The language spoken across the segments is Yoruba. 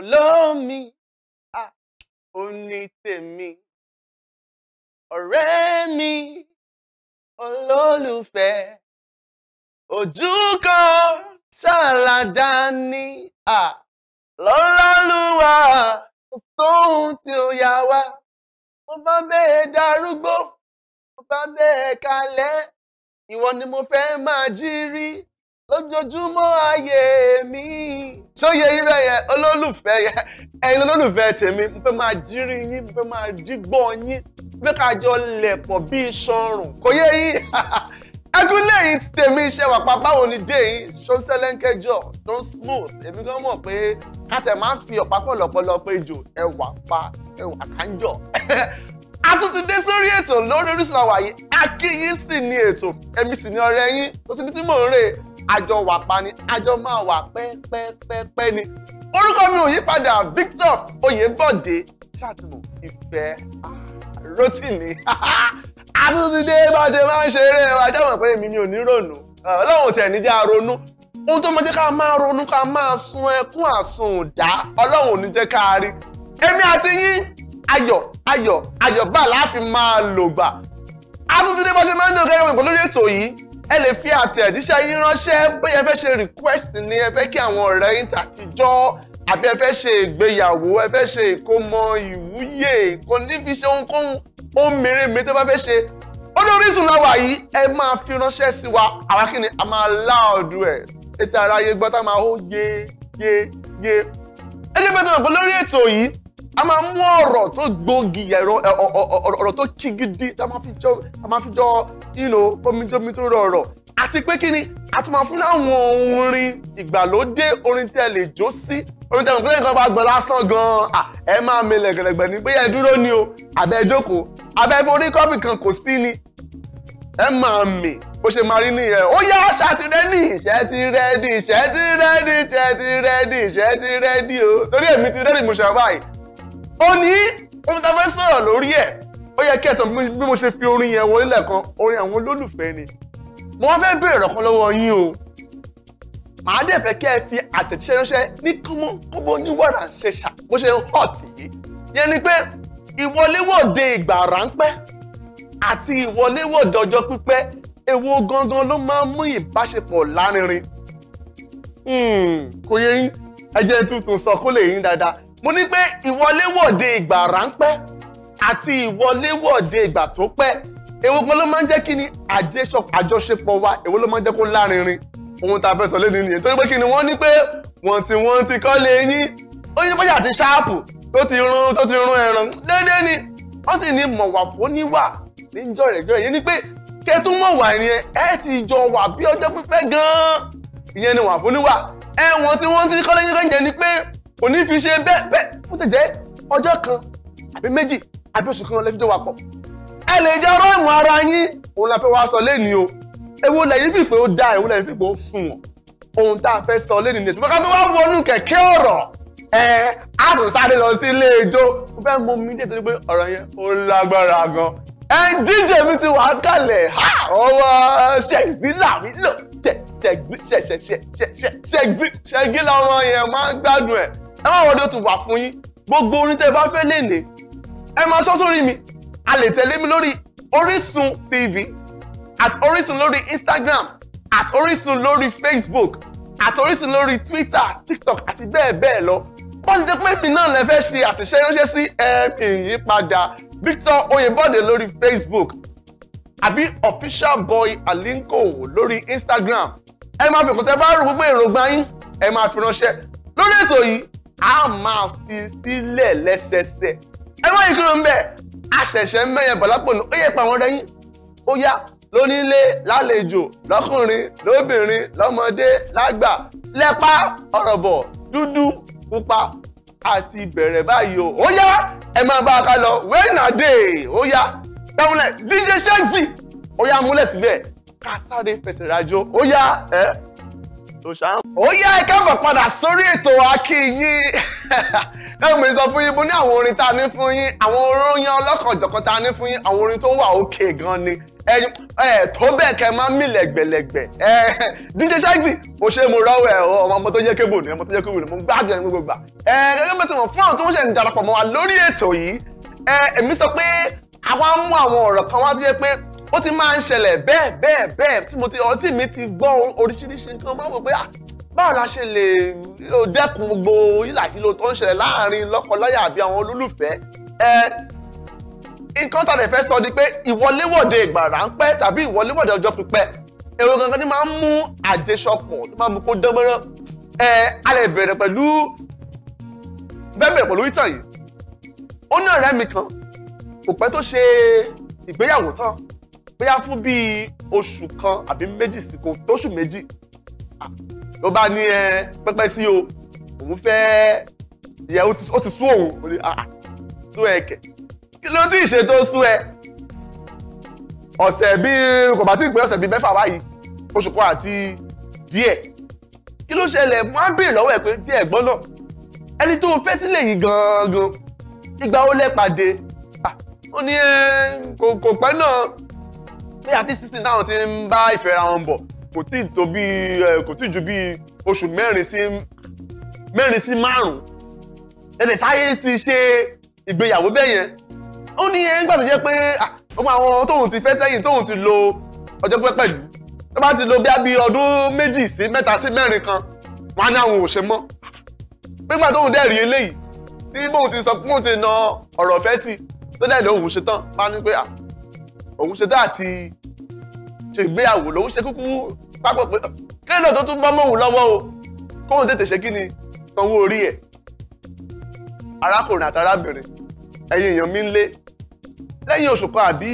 olómi à òní tèmi ọ̀rẹ́ mi olólùfẹ́ ojú kan ṣàlàdá ní à lọ́lọ́lùwà tóun tí ó yá wá mo bá bẹ́ẹ̀ darúgbó mo bá bẹ́ẹ̀ kalẹ̀ ìwọ ni mo fẹ́ máa jí rí lójoojúmọ́ ayé mi sóye ibẹ̀ yẹn olólùfẹ́ yẹn ẹ̀yin olólùfẹ́ tèmi mo fẹ́ máa jírí yín mo fẹ́ máa dígbọ́ yín mo fẹ́ kájọ lẹ̀pọ̀ bíi sọrùn kò yé yín ẹkún lẹ́yìn tèmi iṣẹ́ wà báwo ni dé yín tó ń smooth èmi gan mọ̀ pé kátẹ̀ máa ń fi ọ̀pá pọ̀ lọ́pọ̀lọpọ̀ ejò ẹwà pa ẹwà kánjọ àtúntún dé sórí ètò lórí Orísun àwàyé akínyìn sì ni ètò èmi sì ni ọ̀rẹ́ yín tó ti bí tí mò ń rè é àjọ wà pa ni àjọ máa wà pẹ́pẹ́pẹ́pẹ́ ni. orúkọ mi ò yí padà Victor Oyèbọ̀dé ṣàtìmọ̀ ìfẹ́ Rotimi àtúntúndé bá ṣe máa ń ṣeré wa jáwọ̀ pé mi ò ní rònú ọlọ́run tẹ̀ níjà ronú ohun tó máa jẹ́ ká máa ronú ká máa sun ẹkún àsundá ọlọ́run ò ní jẹ́ ká rí èmi àti yín ayọ̀ ayọ̀ ayọ̀ bá láàfin máa lògbà àtúntúndé bá ṣe máa ń dùn kẹ́kẹ́ pẹ̀lú lórí ètò yìí ẹ lè fi àtẹ̀jíṣẹ́ yín ránṣẹ́ bóyá fẹ́ ṣe request ni ẹ fẹ́ kí àwọn ọ̀rẹ́ yín tàtijọ́ àbí ẹ fẹ́ ṣe ìgbéyàwó ẹ fẹ́ ṣe ìkómọ ìwúyè kò ní fi ṣe ohunkóhun ó mèremère tó bá fẹ́ ṣe olórísun làwà yìí ẹ máa fi ránṣẹ́ sí wa àwa kí ni a máa láọ̀dù ẹ̀ ètò àráyé gbọ́tà máa hó yé yé yé ẹ jẹ́ pẹ́ tó mọ̀ pé lórí ètò yìí a máa mú ọ̀rọ̀ tó gbòógì ẹ̀rọ ọ̀rọ̀ tó kí gidi tá a máa fi jọ omijomi tó rọrọ̀ àti pé kí ni a tún máa fún láwọn orin ìgbàlódé orin tẹ́ lè jó sí orin tẹ́ lè kọ́ bá gbọ́n lásán gan-an ẹ máa melẹ̀ gẹ̀lẹ́gbẹ̀ ni bóyá ẹ dúró ni o àbẹ́ ẹ jókòó àbẹ́ ẹ forí kọ́ọ̀bì kan kò sí ni ẹ máa mì bó ṣe máa rí nìyẹn ó yá ṣàti rẹ́dì ṣẹ́ti rẹ́dì ṣẹ́ti rẹ́dì ṣẹ́ti rẹ́dì ṣẹ́ti rẹ́dì o torí èmi ti rẹ́dì mo ṣe báyìí òní ohun tá a fẹ́ sọ̀rọ̀ lórí ẹ̀ ó yẹ kí ẹ̀ tán bí mo ṣe fi orin yẹn wọlé lẹ́ẹ̀kan orin àwọn olólùfẹ́ ni mo wá fẹ́ béèrè ọ̀kan lọ́wọ́ yín o màá dẹ̀ fẹ́ kí ẹ fi àtẹ̀jíṣẹ́ ránṣẹ́ ní kánmọ́ kánmọ́ ní wàrà ṣe ṣà bó ṣe ń hàn tì í yẹn ni pé ìwọléwọ̀de ìgbà ráńpẹ́ àti ìwọléwọ̀de ọjọ́ pípẹ́ èwo gangan ló máa ń mú ìbáṣepọ̀ lárinrin hmm, kò yẹ yín ẹ jẹ́ tuntun sọ kó lè yín dáadáa mo ní pé ìwọléwọ̀de ìgbà ráńpẹ́ àti ìwọléwọ̀de ìgbà tó pẹ́ èwo kan ló máa ń jẹ́ kí ni àjọṣepọ̀ wa èwo ló máa ń jẹ́ kó lárinrin ohun tá a fẹ́ sọ lónìí nìyẹn torí pé kí ni wọ́n ní pé wọ́n ti wọ́n ti kọ́ lé yín ó yẹ bóyá àti ṣáàpù tó ti rún tó ti rún ẹran déédéé ni wọ́n sì ní mọ̀wà fóníwà níjọ́ rẹ̀ jọ́ yẹn ni pé kẹtún mọ̀wà yẹn ẹ ti jọ wà bí ọjọ́ pípẹ́ gan-an ìyẹn ni wà fóníwà ẹ wọ́n ti wọ́n ti kọ́ lé yín kan yẹn ni pé kò ní fi ṣe bẹ́ẹ̀ bẹ́ẹ̀ ó ti jẹ́ ọjọ́ kan àbí méjì àbí oṣù kan lẹ́fíjọ́ wa pọ̀ ẹ lè jẹ́ ọ̀rọ̀ ìmọ̀ ara yín òun la fẹ́ wá sọ lẹ́ni o èwo lẹ́yìn fi pé ó dáa èwo lẹ́yìn fi pé ó fún wọn ohun tá a fẹ́ sọ lẹ́ni ni ṣùgbọ́n ká tó wá wọnú kẹ̀kẹ́ ọ̀rọ̀ ẹ á tún sáré lọ sí ilé ijó mo fẹ́ mọ omi dé torí pé ọ̀rọ̀ yẹn ó lágbára gan ẹ jíjẹ mi ti wà á kalẹ̀ ọwọ́ ṣẹ̀gbí làmí lò ṣẹ̀gbí ṣẹ̀ṣẹ̀ṣẹ̀ṣẹ̀ṣẹ̀gbí làwọn yẹn máa ń gbádùn ẹ̀ ẹ má wọ́n dé tún wà fún yín gbogbo orin tẹ́ bá fẹ́ léèlè ẹ máa sọ sórí mi a lè tẹ̀lé mi lórí Orísun TV at Orísun lórí Instagram at Orísun lórí Facebook at Orísun lórí Twitter TikTok àti bẹ́ẹ̀ bẹ́ẹ̀ lọ bó ti jẹ́ pé mi náà lè fẹ́ fi àtẹ̀ṣẹ́ ránṣẹ́ sí ẹ̀mí ìyípadà Victor Oyèbọ̀dé lórí Facebook àbí official boy Alinko lórí Instagram ẹ máa fi kùtẹ́ bá rò gbogbo èròǹgbà yín ẹ máa fi ránṣẹ́ lórí ètò yìí a máa fi sílẹ̀ lẹ́sẹsẹ ẹ má yí kúrò ń bẹ̀ àṣẹ̀ṣẹ̀ ń bẹ̀ yẹn bọ̀lápọ̀ ní ó yẹ pa àwọn ọ̀rẹ́ yín ó yá lónílé lálejò lọ́kùnrin lóbìnrin lọ́mọdé lágbà lẹ́pà ọ̀rọ̀bọ̀ dúdú pupa àti bẹ̀rẹ̀ báyìí o ó yá ẹ máa bá a ká lọ wẹ́nàdé ó yá gbàmúlẹ̀ díje ṣẹ́ǹtì ó yá múlẹ̀ síbẹ̀ ká fẹsẹ̀ rájò ó yá ẹ. Eh? tó ṣá. ó yá ẹ káàbọ̀ padà sórí ètò akínyìn ẹ̀mí sọ fún yín mo ní àwọn orin tá a ní fún yín àwọn orin ọlọ́kọ̀jọ̀kan tá a ní fún yín àwọn orin tó wà òkè gan ni ẹ tó bẹ́ẹ̀ kẹ́ máa ń mì lẹ́gbẹ̀lẹ́gbẹ̀ ẹ díje ṣáàgì mo ṣe mo rọ́wọ́ ẹ̀ ọ ọmọ tó jẹ́ kébù ni ọmọ tó jẹ́ kébù ni mo gbádùn ẹni gbogbo gbà ẹ gẹ́gẹ́ bẹ́ẹ̀ tí wọ́n fún àwọn tó ń ṣe ìdarapọ̀ mọ́ wa lórí ètò yìí ẹ èmi sọ pé àwa mú àwọn ọ̀rọ̀ kan wá tó pé ó ti máa ń ṣẹlẹ̀ bẹ́ẹ̀ bẹ́ẹ̀ bẹ́ẹ̀ tí mo ti ọtí mi ti gbọ́ oríṣiríṣi nǹkan máa ń wò pé ah, báwo la ṣe lè dẹ́kun gbogbo yílàkílò tó ń ṣẹlẹ̀ láàrin lọ́kọláya àbí àwọn olólùfẹ́ ẹ nǹkan tá a lè fẹ́ sọ ni pé ìwọléwọ̀de ìgbà ráńpẹ́ tàbí ìwọléwọ̀de ọjọ́ pípẹ́ èrò gangan ni máa ń mú àjẹsọpọ̀ ló máa mú kó dán mọ́rán ẹ a lè bẹ̀rẹ̀ pẹ̀lú bẹ́ẹ̀ bẹ̀rẹ̀ pẹ̀lú ìtàn yìí ó ní ọ̀rẹ́ mi kan kò pẹ́ tó ṣe ìgbéyàwó tán bóyá fún bíi oṣù kan àbí méjì sí kò tóṣù méjì ló bá ní ẹ sí o òun fẹ́ yẹ ó ti sú òun ó ní sú ẹ kẹ̀ kí ló ti ṣe tó sú ẹ ọ̀sẹ̀ bíi kò bá tí ì pé ọ̀sẹ̀ bíi mẹ́fà báyìí oṣù kan àti díẹ̀ kí ló ṣẹlẹ̀ mo á béèrè lọ́wọ́ ẹ̀ pé díẹ̀ gbọ́n náà ẹni tó fẹ́ sílẹ̀ yìí gangan ìgbà wo lẹ pàdé ó ní kò pẹ́ náà bí àti sísìn táwọn ti ń bá ìfẹ́ra wọn bọ̀ kò tí ì tó bí eh, kò tí ì ju bí oṣù mẹ́rin sí mẹ́rin sí márùn-ún ẹ̀sẹ̀ sáyé ti ṣe ìgbéyàwó bẹ́ẹ̀ yẹn ó ní ẹ̀ eh, ń gbà tó jẹ́ pé ọmọ àwọn tóun ti fẹ́ sẹ́yìn tóun ti lo ọjọ́ pẹ́ pẹ̀lú tó bá ti lo bí ọdún méjì sí mẹ́ta sí mẹ́rin kan wọn á ní àwọn ò ṣe mọ́ nígbà tóun dẹ̀ rí eléyìí tí bóun ti sọ pé òun ti na ọ̀rọ̀ fẹ́ sí tó dẹ̀ lóun ṣe bá ní pé òun ṣe dáa ṣe ìgbéyàwó lòun ṣe kúkú pápọ̀ pé kéèlò tó tún bọ́ mọ́ òun lọ́wọ́ o kóun tètè ṣe kí ni sanwó orí ẹ̀ arákùnrin àti arábìnrin ẹ̀yin èèyàn mi ń lé lẹ́yìn oṣù kan àbí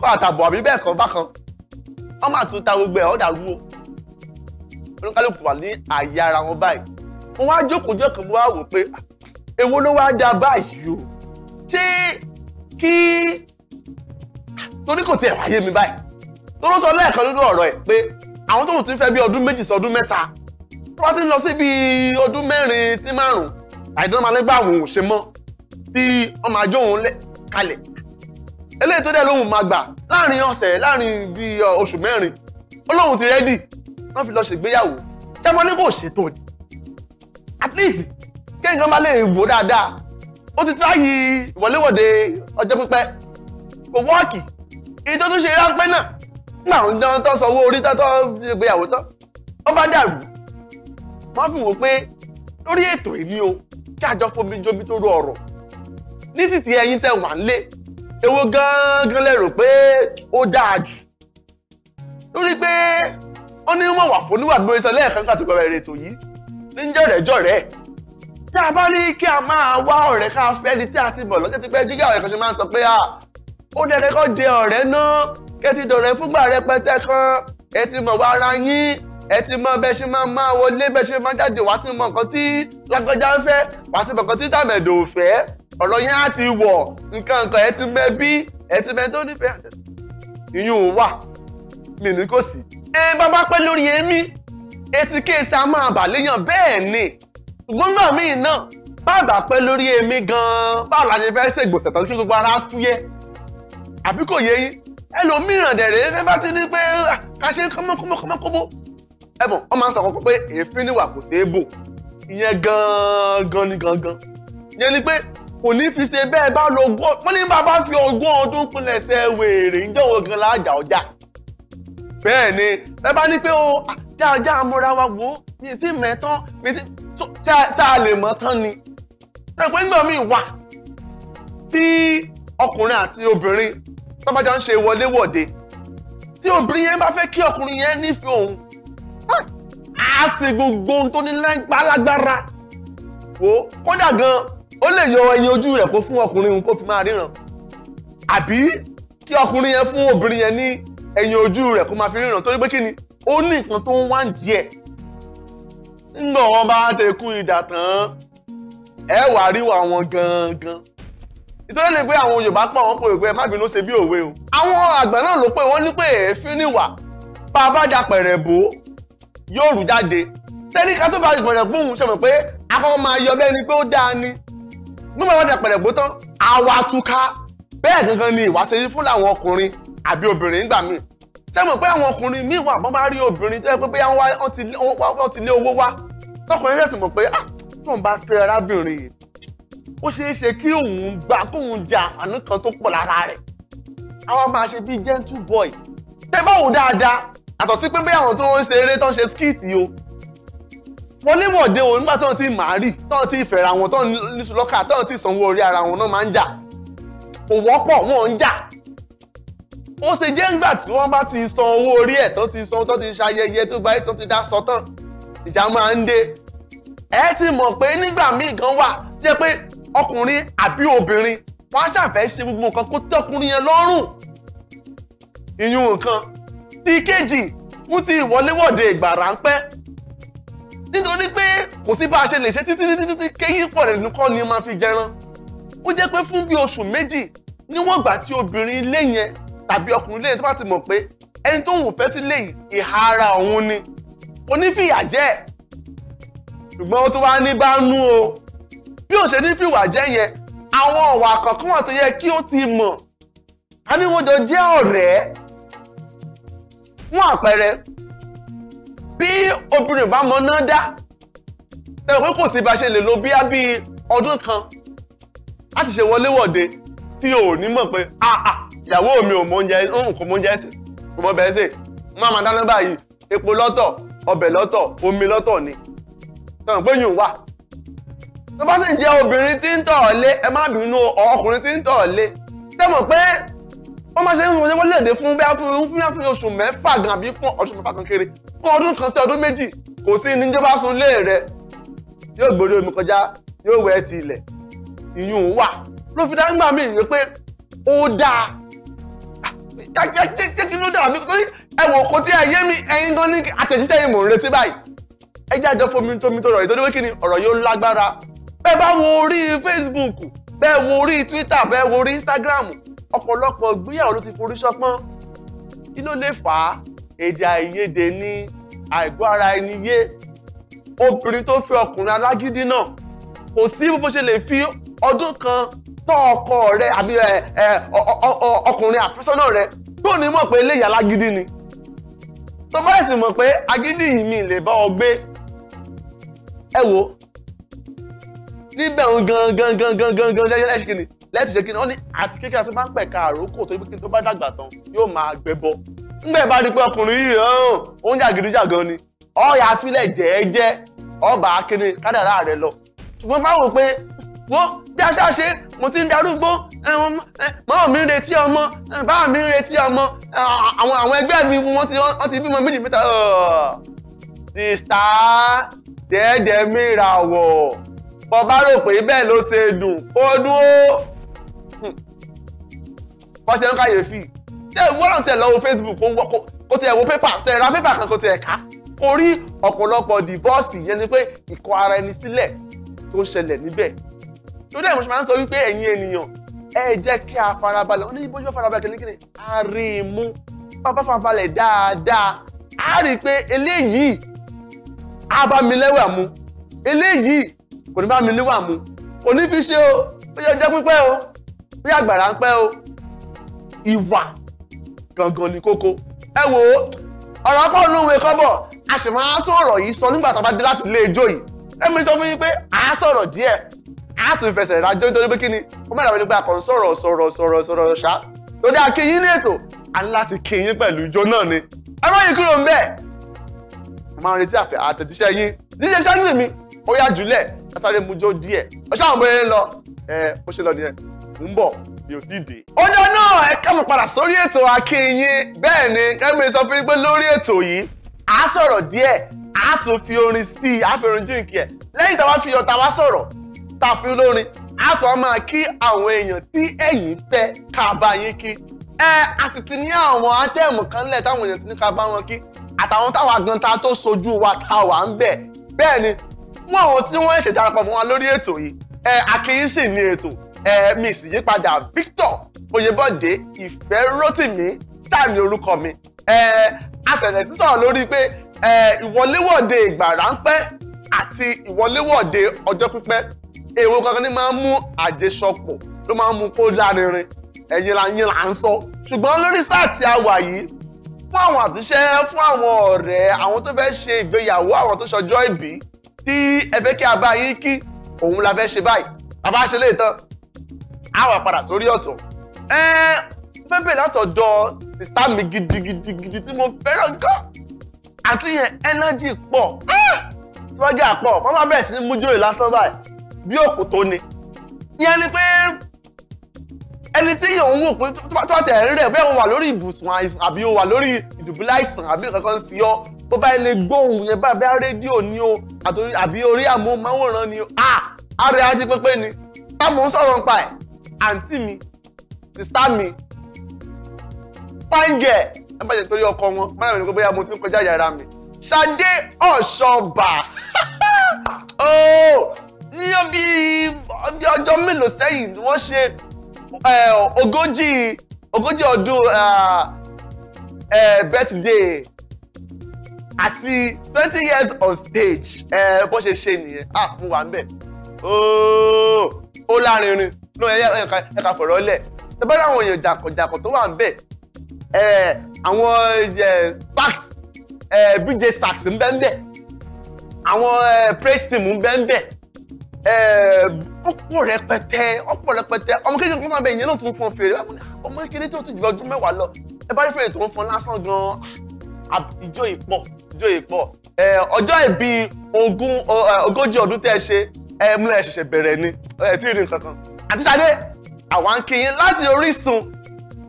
kọ́ àtàbọ̀ àbí bẹ́ẹ̀ kan bákan wọ́n máa tún ta gbogbo ẹ̀ ọ́ dàrú o oníkálukú ti wà ní àyè ara wọn báyìí mo wá jókòó jọ́kan mo wá wò pé ah, èwo ló wá dá báyìí o ṣé kí torí kò tiẹ̀ wáyé mi báyìí tó ló sọ lẹ́ẹ̀kan nínú ọ̀rọ̀ ẹ̀ pé àwọn tóun ti ń fẹ́ bí ọdún méjì sí ọdún mẹ́ta tó bá ti ń lọ sí bí ọdún mẹ́rin sí márùn-ún àìdán máa lẹ́gbà àwọn òun ṣe mọ́ tí wọ́n máa jó òun kalẹ̀ eléyìí tó dẹ̀ lóhùn máa gbà láàrin ọ̀sẹ̀ láàrin bíi oṣù mẹ́rin ó lóhùn ti rẹ́dì wọ́n fi lọ ṣègbéyàwó jẹ́mọ́ ní kò ṣètò ni at least kéèyàn máa lè wò dáadáa ó ti tíráyì ìwọléwọ̀de ọjọ́ pípẹ́ kò wọ́ọ̀kì èyí tó ṣe ráńpẹ́ náà nígbà wọn tó sanwó orí tó gbéyàwó tán wọ́n bá dàrú wọ́n fi wò pé lórí ètò ìní o kí àjọ fomi jomi tó ro ọ̀rọ̀ ní títí ẹ̀yin tẹ́ wà ń lé gángan lẹ́rò pé ó dáa jù lórí pé wọ́n ní wọ́n wà fún níwà bí oríṣi lẹ́ẹ̀kan kàtó bẹ̀rẹ̀ ètò yìí níjọ̀rẹ́ jọ̀rẹ́ tí a bá rí kí a máa wá ọ̀rẹ́ ká fẹ́ ni tí a ti mọ̀ lọ́jọ́ ti pẹ́ gíga ọ̀rẹ́ kan ṣe máa ń sọ pé ah, ó dẹrẹ kọ́ de ọ̀rẹ́ náà kẹ́ ti dọ̀rẹ́ fúngbà rẹpẹtẹ kan ẹ ti mọ̀ wá ara yín ẹ ti mọ bẹ ṣe máa máa wọlé bẹ ṣe máa jáde wá ti mọ nǹkan tí lágbájá ń fẹ́ wá ti mọ nǹkan tí tàmẹ̀dò ò fẹ́ ọ̀rọ̀ yẹn á ti wọ̀ nǹkan nǹkan ẹ ti mọ ẹbí ẹ ti mọ ẹ tó nífẹ̀ẹ́ ìyún wà mí ní kò sí. ẹ bàbá pẹ́ lórí èmi etí kéèsì á máa bà léèyàn bẹ́ẹ̀ ni gbọ́ngàn míì náà bàbá pẹ́ lórí èmi gan-an báwo la ṣe fẹ́ ṣègbòsẹ̀ tán kí gbogbo ara fúyẹ́ àbí kò yé yín ẹlòmíràn dẹ̀rẹ̀ fẹ́ bá ti ní pé ah, ká ṣe kọ́mọ́kọ́mọ́kọ́mọ́ ẹ̀bùn wọ́n máa ń sọ kọ́kọ́ pé èéfín níwà kò ṣeé bò ìyẹn gan-an ni gan-an ìyẹn ni pé kò ní fi ṣe bẹ́ẹ̀ bá lo ọgbọ́n wọ́n ní bá bá fi ọgbọ́n ọdún pinnu ẹsẹ̀ wèrè ń jọ̀wọ́ gan láàjà ọjà bẹ́ẹ̀ ni ẹ bá ní pé o jáàjá ah, amúra wa wò ó mi ti mẹ́ tán mi ti tá a lè mọ́ tán ni ẹ pé nígbà míì wà tí ọkùnrin àti obìnrin sábàjá ń ṣe wọléwọ̀de tí obìnrin yẹn bá fẹ́ kí ọkùnrin yẹn nífẹ̀ẹ́ òun á ṣe gbogbo ohun tó ní lágbára wò ó kódà gan ó lè yọ ẹyin ojú rẹ̀ kó fún ọkùnrin òun kó fi máa ríran àbí kí ọkùnrin yẹn fún obìnrin yẹn ní ẹyin ojú rẹ̀ kó máa fi ríran torí pé kí ni ó ní nǹkan tó ń wá ń díẹ̀ ńgbọ̀n wọn bá tẹkùn ìdà ẹ wàá rí wọn gangan nítorí lè pé àwọn Yorùbá pọ̀ wọ́n pè pé ẹ má bínú ṣe bí òwe o àwọn àgbà náà ló pé wọ́n ní pé èéfín níwà bá a bá da pẹ̀rẹ̀ bò ó yóò rú jáde tẹ́lí ká tó bá pẹ̀rẹ̀ bóun ṣe mọ̀ pé akọ́kọ́ máa yọ bẹ́ẹ̀ ni pé ó dáa ni nígbà wọ́n da pẹ̀rẹ̀ bò tán àwa túká bẹ́ẹ̀ gangan ni ìwà ṣeré fún làwọn ọkùnrin àbí obìnrin nígbà míì ṣe mọ̀ pé àwọn ọkùnrin míì wà bọ́n bá rí obìnrin tó yẹ pé bóyá wọ́n ti lé owó wá tọkùnrin rẹ̀ sì mọ̀ pé ah tóun bá fẹ́ arábìnrin yìí ó ṣeé ṣe kí òun gba kóun jẹ àǹfààní kan tó pọ̀ lára rẹ̀ àwa máa ṣe bíi gentle boy tẹ́ bá wò dáadáa àtọ̀ sí pé bí àwọn tó ń ṣe eré tó ń ṣe skíìtì o wọléwọ̀de o nígbà tó ń ti màárì tó ń ti ìfẹ̀ra wọn tó ń níṣu lọ́kà tó ń ti sanwó orí ara wọn náà máa ń jà kò wọ́pọ̀ wọn ń jà ó ṣe jẹ́ ńgbà tí wọ́n bá ti san owó orí ẹ̀ tó ti san tó ti ṣayẹyẹ tó gba ẹ̀ tó ti dá sọ tán ìjà máa ń dé ẹ ti mọ̀ pé nígbà míì gan wà jẹ́ pé ọkùnrin àbí obìnrin wọ́n á ṣàfẹ́ ṣe gbogbo nǹkan kó tẹ́kùnrin yẹn lọ́rùn ìyún nǹkan ti kejì mú ti ìwọléwọ̀de ìgbà ráńpẹ́ nítorí pé kò sí bá a ṣe lè ṣe títí títí títí kéyìn pọ̀ rẹ̀ nìkan ni máa fi jẹran ó jẹ́ pé fún bí oṣù méjì níwọ̀n ìgbà tí obìnrin ilé yẹn tàbí ọkùnrin ilé yẹn tó bá ti mọ̀ pé ẹni tó wù fẹ́ sílé yìí ìhà ara òun ni onífìyàjẹ́ ṣùgbọ́n ó tún wá ní bá nú o bí ò ṣe ní fìwà jẹ́ yẹn àwọn ọ̀wà kọ̀ọ̀kan wà tó yẹ kí ó ti mọ̀ a ní wọ́n jọ jẹ́ ọ̀rẹ́ fún àpẹẹrẹ bí obìnrin bá mọ náà dá tẹ̀wọ̀n pé kò sí bá ṣe lè lo bíá bí ọdún kan láti ṣe wọléwọ̀de tí o ò ní mọ̀ pé àà ah, ah, ìyàwó mi ò mọ oúnjẹ kò mọ oúnjẹ ẹsẹ̀ kò mọ bẹ́ẹ̀ sè máa máa dáná báyìí epo lọ́tọ̀ ọbẹ̀ lọ́tọ̀ omi lọ́tọ̀ ni tẹ̀wọ̀n pé yìí ń wà tó bá sì jẹ́ obìnrin tí ń tọ̀rọ̀ lé ẹ má bínú ọkùnrin tí ń tọ̀rọ̀ lé tẹ́mọ̀ pé wọ́n máa ṣe ń wọlé wọléèdè fún bí wọ́n fi oṣù mẹ́fà gan àbí fún ọdún mẹ́fà kan kéré fún ọdún kan sí ọdún méjì kò sí níjọba sun lé rẹ yóò gbórí omi kọjá yóò wẹ̀ ti ilẹ̀ ìyún wà ló fi dáńgbà mí ìwé pé ó dáa ah, jẹ́ kí ló dára nítorí ẹ̀wọ̀n kò tí ẹ yé mi ẹ̀yin gan ní àtẹ̀jíṣẹ́ yìí mò ń retí báyìí ẹ jẹ́ àjọ fomi tómi tó rọ̀ ìtọ́jú pé kí ni ọ̀rọ̀ yóò lágbára bẹ́ẹ̀ bá wo orí Facebook bẹ́ẹ̀ wo orí Twitter bẹ́ẹ̀ wo orí Instagram ọ̀pọ̀lọpọ̀ ìgbéyàwó ló ti forí ṣọpọ́n kí ló lè fà á èdè àìyedè ní àìgbọ́ ara ẹni yé obìnrin tó fi ọkùnrin alágídí náà kò sí bó ṣe lè fi ọdún kan tọ́ ọkọ rẹ àbí ọkùnrin àfẹ́sọ́nà rẹ tó ní mọ̀ pé eléyìí alágídí ni tó bá sì mọ̀ pé agídí yìí mi lè bá ọ gbé ẹ wò níbẹ̀ òun gan gan gan gan gan gan lẹ́yìn kìíní lẹ́tì ṣe kìíní wọ́n ní àti kékeré àti máa ń pẹ̀ka àrókò torí pé tó bá dàgbà tán yóò máa gbẹ bọ. nígbà ìbá rí pé ọkùnrin yìí oúnjẹ àgídíjà gan ni ọ̀ọ́yà afílẹ̀ jẹ́ẹ́jẹ́ ọba akíní kádàrá rẹ lọ. ṣùgbọ́n máa wò pé wọ́n bí a ṣáṣe mo ti ń darúgbó màmá mi ń retí ọmọ bàbá mi ń retí ọmọ àwọn ẹgbẹ́ mi wọ́n ti bímọ méjì mẹ́ta. sista dẹ́ẹ̀dẹ́ mi ra wọ̀ bọ́ bá rò pé bẹ́ẹ̀ ló ṣe dùn ó dún ó bọ́ ṣe ń kàyéfì tẹ wọ́n tẹ lọ́wọ́ Facebook kó tẹ wo pépà tẹ ra pépà kan kó tẹ ká kó rí ọ̀pọ̀lọpọ̀ divorce yẹn ni pé ìkọ̀ ara ẹni sílẹ̀ tó ṣẹlẹ̀ níbẹ̀ tó dẹ̀ mo ṣe máa ń sọ wípé ẹ̀yin ènìyàn ẹ jẹ́ kí a farabalẹ̀ ó ní ibo yóò farabalẹ̀ kìnnìkìnnì a rí i mú bàbá farabalẹ̀ dáadáa a rí i pé eléyìí abamilẹ́wà mu eléyìí kò ní bá mi níwà mu kò ní fi ṣe o ó yẹ ọjọ́ pípẹ́ o ó yẹ àgbàrá ń pẹ́ o ìwà gangan ni kókó ẹ wò ó ọ̀rọ̀ ọkọ̀ olóhùn ẹ̀kọ́ bọ̀ a sì máa tún ọ̀rọ̀ yìí sọ nígbà tá a bá dé láti ilé ijó yìí ẹ mi sọ fún yín pé à á sọ̀rọ̀ díẹ̀ à á tún fẹsẹ̀ rájọ́ nítorí pé kí ni ó mẹ́ta wẹ́n ni pé a kàn sọ̀rọ̀ sọ̀rọ̀ sọ̀rọ̀ sọ̀rọ̀ ṣá torí akínyín ní ètò a ní láti kínyín pẹ̀lú ijó náà ni ẹ má yí kúrò ń bẹ́ẹ̀ mo máa retí àfẹ́ àtẹ̀jíṣẹ́ yín jíjẹ ṣáájú mi ó yá jùlẹ̀ ẹ sáré mu jó díẹ̀ ó ṣáà mọ eré lọ ẹ ó ṣe lọ nìyẹn mò ń bọ̀ mi ò dìde. ó jọ náà ẹ káàmù padà sórí ètò AkiiYin bẹ́ẹ̀ ni kẹ́mi sọ fún pé lórí ètò yìí à sọ̀rọ̀ díẹ̀ à tún fi orin sí i à fi orin jíǹkì ẹ̀ lẹ́yìn tá a bá fi ọ̀tá wá sọ̀rọ̀ tá a fi lórin à á tún máa kí àwọn èèyàn tí ẹ̀yin fẹ́ ká bá yín kí ẹ a sì ti ní àwọn átẹ́ẹ̀mù kan lẹ̀ táwọn èèyàn ti ní ká bá wọn kí àtàwọn táwa gan ta tó sojú wa ta ń bẹ̀ bẹ́ẹ̀ ni fún àwọn tí wọ́n ṣe darapọ̀ mọ́ wa lórí ètò yìí ẹ akínyìnsì ní ètò ẹ miss yípadà Victor Oyèbọ̀dé ìfẹ́ Rótìmí táàmì orúkọ mi ẹ àṣẹ̀rẹ̀ sísọ̀rọ̀ lórí pé ẹ ìwọléwọ̀de ìgbà ráńpẹ́ àti ìwọléwọ̀de ọjọ́ pípẹ́ èwo kankan ní máa ń mú àjẹsọpọ̀ ló máa ń mú kó lárinrin ẹ̀yin la yín là ń sọ ṣùgbọ́n lórí sáà tí a wà yìí fún àwọn àtúnṣe fún àwọn ọ̀rẹ́ àwọn tó fẹ́ ṣe ìgbéyàwó àwọn tó ṣọjọ́ ìbí tí ẹ fẹ́ kí a bá yín kí òun la fẹ́ ṣe báyìí bàbá ṣe lè tán á wà padà sórí ọ̀tún ẹ pépè látọ̀dọ̀ sista mi gidigidigidi tí mo fẹ́ràn gan àti yẹn ẹnẹ́jì pọ̀ ah! tí wọ́n jẹ́ àpọ̀ wọ́n máa bẹ̀rẹ̀ sí ní mújúrò lásán báyìí bí òkú tó ni ìyẹn ni pé ẹni tí yẹn ń wò pé tó bá tẹ̀ rí rẹ̀ bẹ́ẹ̀ o wà lórí ibùsùn àìsàn àbí o wà lórí ìdùbúlẹ̀ àìsàn àbí kankan sí ọ bó bá ilé gbóhùn yẹn bá bẹ́ẹ̀ rédíò ni o àbí orí àmóhùnmáwòrán ni o a àrẹ ajé pépé ni táwọn ń sọ̀rọ̀ nípa ẹ̀ àǹtí mi sista mi fáńgẹ̀ ẹ bá jẹ́ torí ọkọ wọn má yàrá mi bóyá mo ti ń kọjá yàrá mi Ṣadé Ọ̀ṣọ́bà oh, ní ọjọ́ mélòó sẹ́yìn ni wọ́n ṣe ogójì ogójì ọdún birthday àti twenty years on stage bó ṣe ṣe nìyẹn ah mo wà ń bẹ̀ ó lárinrin náà ẹ ká fọ̀rọ̀ lẹ̀ ẹ bá láwọn èèyàn jàkọ̀jàkọ̀ tó wà ń bẹ̀ àwọn sax bj sax ń bẹ́ ń bẹ̀ àwọn praise team ń bẹ́ ń bẹ̀ ọ̀pọ̀ rẹpẹtẹ ọ̀pọ̀ rẹpẹtẹ ọmọ kékeré kan máa bẹ ìyẹn náà tó ń fọn fèrè ọmọ kékeré tó ti ju ọdún mẹ́wàá lọ ẹ bá rí fèrè tó ń fọn lásán gan ìjọ ah, ìpọ̀ ìjọ ìpọ̀ ọjọ́ ìbí ogún ogójì ọdún tẹ́ ẹ ṣe ẹ múlẹ̀ ẹ ṣẹ̀ṣẹ̀ bẹ̀rẹ̀ ni ẹ tí ì rí nǹkan kan àti Ṣadé àwa ń kí yín láti Orísun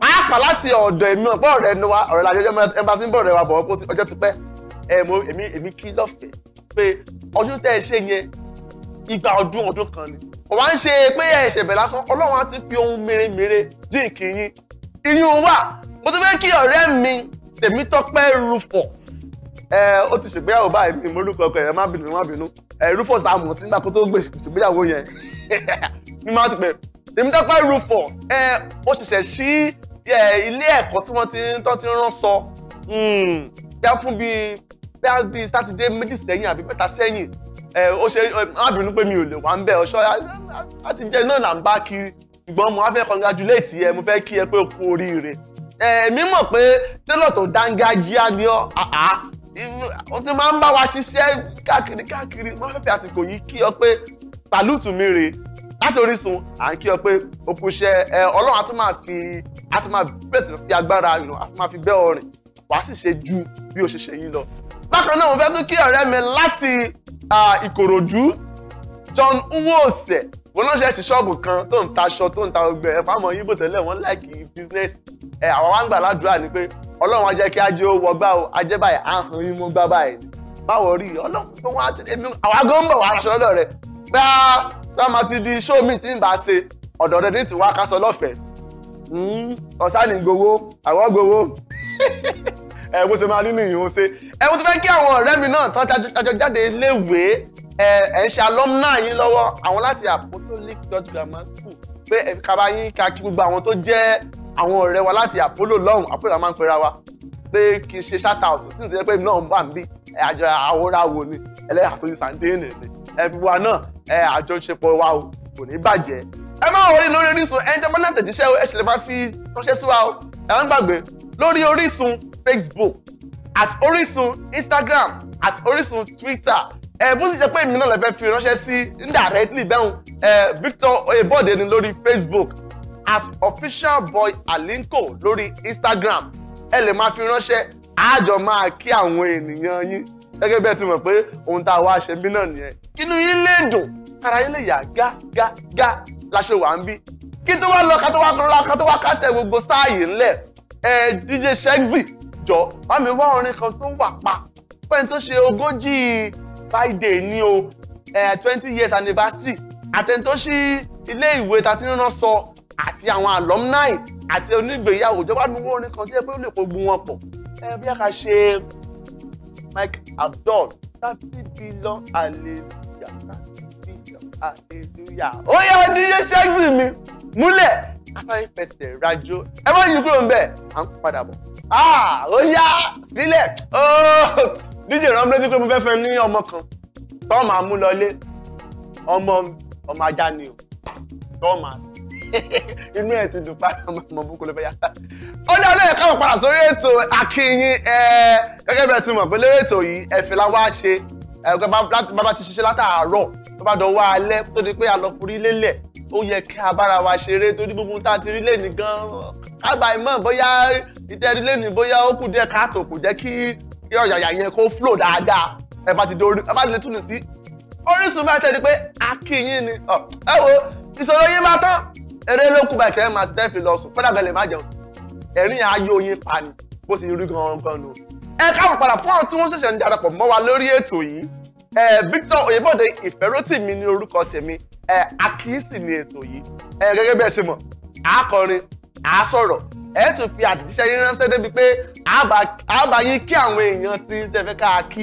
pàápàá láti ọ̀dọ̀ èmi ọ̀pọ̀ ọ̀rẹ́ ẹnu wa ọ̀rẹ́ la jọjọ́ ẹ bá ti ń bọ̀ ọ̀rẹ́ wa bọ̀ ọjọ́ ti pẹ́ èmi kí lọ́fẹ̀ẹ́ pé ọdún tẹ́ ẹ ṣe yẹn igba ọdún ọdún kan ni ọ̀wá ń ṣe pé ẹ̀ṣẹ̀ bẹ̀ lásán ọlọ́run á ti fi ohun mèremère jíǹkì yín ìyún wà mo ti fẹ́ kí ọ̀rẹ́ mi Tèmítọ́pẹ́ Rufus ẹ ó ti ṣègbéyàwó báyìí ní morúkọ ọkọ ẹ má bínú má bínú ẹ Rufus amọ̀ sí nígbà kó tó gbé ṣègbéyàwó yẹn ní má ti pẹ́ Tèmítọ́pẹ́ Rufus ẹ ó ṣẹ̀ṣẹ̀ sí ilé ẹ̀kọ́ tí wọ́n ti ń tọ́ ti rán sọ hmm. bí a fún bíi bí a bíi sátidé méjì sẹ́yìn àbí mẹ́ta sẹ́yìn ẹ ó ṣe má bínú pé mi ò lè wá ń bẹ̀ ọ̀ṣọ́ àti jẹ́ náà là ń bá kiri ṣùgbọ́n mo wá fẹ́ congratulate ẹ mo fẹ́ kí ẹ pé o kú oríire èmi mọ̀ pé télọ̀ tó dángájíá ni ọ́ ó ti máa ń bá wa ṣiṣẹ́ káàkiri káàkiri wọ́n fẹ́ fi àsìkò yìí kí ọ pé pàlúùtù mi rèé láti Orísun à ń kí ọ pé òkúṣẹ ẹ Ọlọ́run a tún máa fi a tún máa bẹ̀rẹ̀ sí fi agbára ìrìn a tún máa fi bẹ́ ọrìn wàá sì ṣe ju bí o ṣe ṣe yìí lọ bákan náà mo fẹ́ tún kí ọ̀rẹ́ mi láti Ìkòròdú John Nwoose wọn náà ṣẹ̀ṣì ṣọ́ọ̀bù kan tó ń ta aṣọ tó ń ta gbogbo ẹ̀ fáwọn Yíbò tẹ́lẹ̀ wọ́n láìkì business ẹ̀ àwọn wá ń gbà ládùúrà ni pé Ọlọ́run á jẹ́ kí ajé ó wọgbà o ajé báyìí á hàn yín mú gbá báyìí báwo rí Ọlọ́run tó wọ́n á ti èmi àwọn aago ń bọ̀ wá aṣọ lọ́dọ̀ rẹ̀ gbá tá a máa ti di show mi tí ń bá ṣe ọ̀dọ̀ rẹ̀ ní tiwa kásọ lọ́fẹ̀ẹ́ hmm, ọ̀sán ni gbowó àwọn gbowó ẹ bó ṣe máa rí nìyí ó ṣe ẹ mo ti fẹ́ kí àwọn ọ̀rẹ́ mi náà tán tajọ jáde iléèwé ẹ ẹ ń ṣe alumni yín lọ́wọ́ àwọn láti Apostolic Church Grammar School pé ẹ kaba yín ká kí gbogbo àwọn tó jẹ́ àwọn ọ̀rẹ́ wa láti Apollo lọ́hùn Apollo máa ń pera wa pé kì í ṣe shout out sí ìdílé pé èmi náà ń bà ń bí àjọ àwòrán ni ẹlẹ́yà tó ní sàǹdé nìyẹn ẹbí wa náà àjọṣepọ̀ wa o kò ní bàjẹ́ ẹ máa wọlé lórí Orísun ẹni tẹ́ bá náà tẹ̀jíṣẹ́ ẹ ṣì lè máa fi ránṣẹ́ sí wa o ẹ máa ń gbàgbé lórí Orísun facebook at orísun instagram at orísun twitter ẹ bó sì jẹ́ pé èmi náà lè fẹ́ fi ránṣẹ́ sí indirectly bẹ́hùn ẹ victor oyèbọ̀dé ni lórí facebook at officialboyalinko lórí instagram ẹ lè máa fi ránṣẹ́ àjọ máa kí àwọn ènìyàn yín gẹ́gẹ́ bẹ́ẹ̀ ti mọ̀ pé ohun tá a wá ṣe bí náà nìyẹn kínú yín lè dùn kára yín lè yà gágágá la ṣe wà ń bí kí tó wá lọ ká tó wá kọ́ lọ́la ká tó wá kásẹ̀ gbogbo sáàyè ńlẹ̀ ẹ DJ Shexy jọ bá mi wá orin kan tó wà pa pẹ́ẹ́n tó ṣe ogójì friday ní o twenty years anniversary àtẹni tó ṣí ilé ìwé tàti rírán sọ àti àwọn alumni àti onígbèyàwó jọba mi wá orin kan tó yẹ pé ó lè kó gbun wọn pọ̀ ẹ bí a kà ṣe Mike Abdul thirty billion hallelujah thirty billion hallelujah. ó yẹ ọdíyẹ ṣẹ́gun mi múlẹ̀ látàrí fẹsẹ̀ rájò ẹ má yí kúrò ń bẹ̀ à ń padà bọ̀. Ah, ó yá sílẹ̀ oh, díje rán létí pé mo fẹ́ fẹ́ ní ọmọ kan tó máa mú lọlé ọmọ ọmọ ajá ni o Thomas inú ẹ̀ ti dùn padà mọ̀ búkú ló fẹ́ yá. ó dá lóye káwọn padà sórí ètò akínyìn ẹ gẹ́gẹ́ bí ẹ ti mọ̀ pé lórí ètò yìí ẹ̀fẹ̀ la wá ṣe bàbá ti ṣiṣẹ́ látàárọ̀ tó bá dọ̀wọ́ alẹ́ tó di pé a lọ forí lélẹ̀ ó yẹ kí a bára wa ṣeré torí gbogbo tá a ti rí lẹ́nu gan-an kágbà ìmọ̀ bóyá ìtẹ́rí lẹ́nu bóyá ó kù díẹ̀ káàtó kò jẹ́ kí ọ̀yàyà yẹn kó flow dáadáa ẹ bá ti dorí ẹ bá ti lè túnú sí Orísun bá tẹ̀lé pé akínyìn ni ẹ wo ìṣòro yín máa tán eré ló kù bàtẹ́ máa ti tẹ́fì lọ sùn fúnra gẹ̀lẹ́ má jẹun ẹ̀rín ayé oyin pa ni bó ti rí gan-an nù. ẹ káàbọ̀ padà fún ọ̀rọ̀ tí wọ́n ṣẹ̀ṣẹ̀ ń darapọ̀ mọ́ wa lórí ètò yìí Victor Oyèbọ̀dé Ìfẹ́rótìmí ni orúkọ tèmi ẹ àkíyèsí ni ètò yìí ẹ gẹ́gẹ́ bí ẹ ṣe mọ̀ àákọrin àásọ̀rọ̀ ẹ tún fi àtẹ̀jíṣẹ́ yín ránṣẹ́ débi pé àbá yín kí àwọn èèyàn tí ń tẹ́ fẹ́ ká kí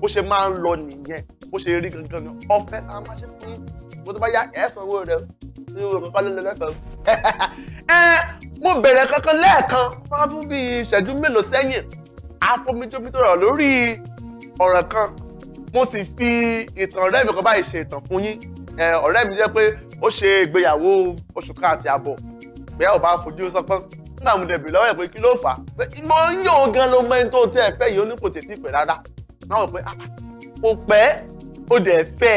bó ṣe máa ń lọ nìyẹn bó ṣe rí gangan ni ọ̀fẹ́ tá a máa ṣe fún bó tó bá yá ẹ sanwó rẹ ní ìwé kankan lé lẹ́fẹ̀ẹ́ ẹ mo bẹ̀rẹ̀ kankan lẹ́ẹ̀kan máa fún bíi ìṣẹ́jú mélòó sẹ́yìn àfọmíjómi tó rọ̀ lórí ọ̀rọ̀ kan mo sì fi ìtàn ọ̀rẹ́ mi kan báyìí ṣe ìtàn fún yín ọ̀rẹ́ mi jẹ́ pé ó ṣe ìgbéyàwó oṣù kan àti àbọ̀ bẹ́ẹ̀ ò bá fojú sọpọ́n nígbà mo dẹ̀ bì lọ́wọ́ ẹ̀ pé kí ló fà á pé mo ń yóò gan ló mẹ́ni tó tẹ́ ẹ fẹ́ yìí ó ní kò tètè pẹ́ rárá náà wọ̀ pé ah, kò pẹ́ ó dẹ̀ fẹ́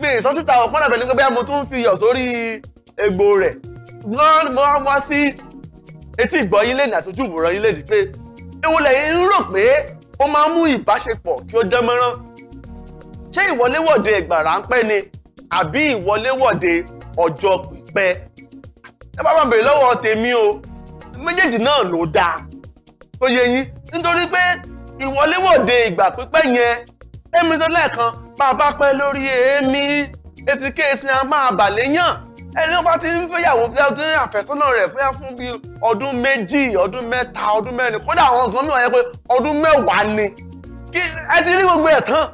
mi ì sọ síta ọ̀pọ̀ náà pẹ̀lú pé mo tún fi iyọ̀ sórí egbò rẹ̀ wọ́n mọ́ wá sí etí ìgbọ́ yín lẹ́nu àti ojú ìwòran yín lẹ́nu pé ewu lẹ́yìn ń rò pé ó máa ń mú ìbáṣepọ̀ kí ó dán mọ́rán ṣé ìwọléwọ̀de ìgbà ráńpẹ́ ni àbí ìwọléwọ̀de ọjọ́ pípẹ́ ẹ bá máa bèrè lọ́wọ́ tèmi o méjèèjì náà ló dáa tó yẹ yín nítorí pé ìwọléwọ̀de ìgbà pípẹ́ yẹn èmi tó lẹ́ẹ̀kan máa bá pẹ́ lórí èémí etí kéèsì a máa bà léyàn ẹni wọn bá ti ń fẹ́yàwó fẹ́ ọdún àfẹ́sọ́nà rẹ̀ fẹ́ fún bí ọdún méjì ọdún mẹ́ta ọdún mẹ́rin kódà àwọn kan mìíràn yẹ pé ọdún mẹ́wàá ni ẹ ti rí gbogbo ẹ̀ tán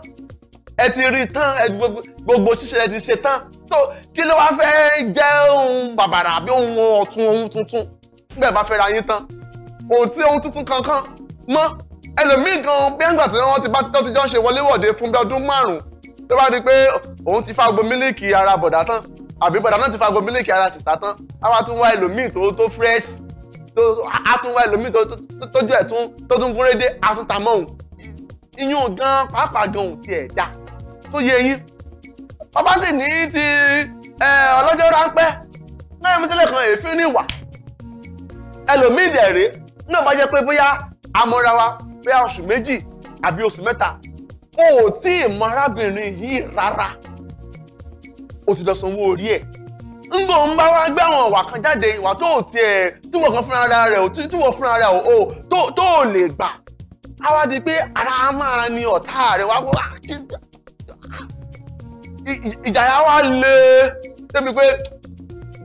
ẹ ti rí tán gbogbo ṣíṣe ẹ ti ṣe tán tó kí ló wáá fẹ́ jẹ́ ohun bàbàrà àbí ohun ọ̀tun ohun tuntun bẹ́ẹ̀ bá fẹ́ra yín tán kò sí ohun tuntun kankan mọ́ ẹlòmíì gan bí ẹ̀ǹgbà tí wọ́n ti bá tó ti jọ ń ṣe wọléwọ̀de fún bí ọdún márùn-ún tó bá rí i pé òun ti fa gbogbo mílíkì ara bọ̀dá tán àbí bọ̀dá náà ti fa gbogbo mílíkì ara sìta tán á wá tún wá ẹlòmíì tó tó fírẹ́sì tó á tún wá ẹlòmíì tójú ẹ̀ tún tó tún gúnrégé á tún ta mọ́ òun iyún gan pàápàá gan òun ti ẹ̀ dáa tó yẹ yín ọba sì ní ti ọlọ́jọ́ ráńpẹ́ náà ẹ̀mí sílẹ̀ kan èéfín ní ìwà ẹlòmíì dẹ̀rẹ́ náà bá jẹ́ pé bóyá amọ́ra wa bóyá oṣù méjì àbí oṣù mẹ́ta o ò tí ì mọ arábìnrin yìí rárá o ti lọ sanwó orí ẹ̀ ngbò ń bá wá gbé àwọn ìwà kan jáde ìwà tó ò tiẹ̀ túwọ̀ kan fúnra rẹ̀ ò túwọ̀ fúnra rẹ̀ ò tó ò lè gbà á wá di pé ara máa ni ọ̀tá rẹ̀ wá wá kí n gbà ìjàyà wa le débi pé